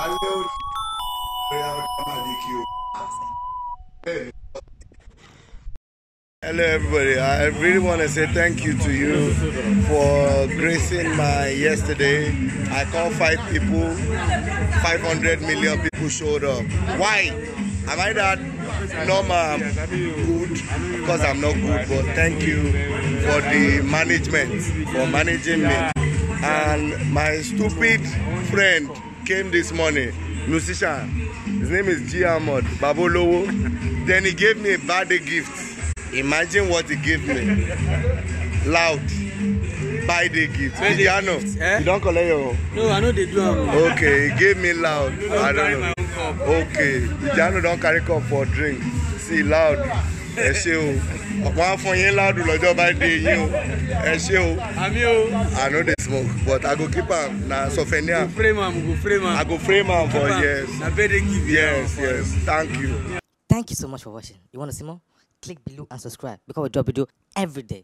alẹ́ òní lórí Africa máa di kí o. Hello everybody. I really want to say thank you to you for gracing my yesterday. I called five people, 500 million people showed up. Why? Am I that normal good? Of course I'm not good, but thank you for the management, for managing me. And my stupid friend came this morning, musician. His name is G. Ahmad Babolowo. then he gave me a birthday gift. Imagine what he gave me. Loud. Birthday gift. Piano. Eh? You don't collect your No, I know they do. Okay, he gave me loud. I don't know. Okay, Piano don't carry cup for drink. See, loud ẹ ṣe o ọ̀pọ̀ afọ yín ládùn lọ́jọ́ bá dé yín o ẹ ṣe o. àmì o. i no dey smoke but i go keep am na souvenir. go frame am go frame am. i go frame am for years. na birthday gift. yes yes thank you. thank you so much for watching you wan see more click below and subscribe because we drop video every day.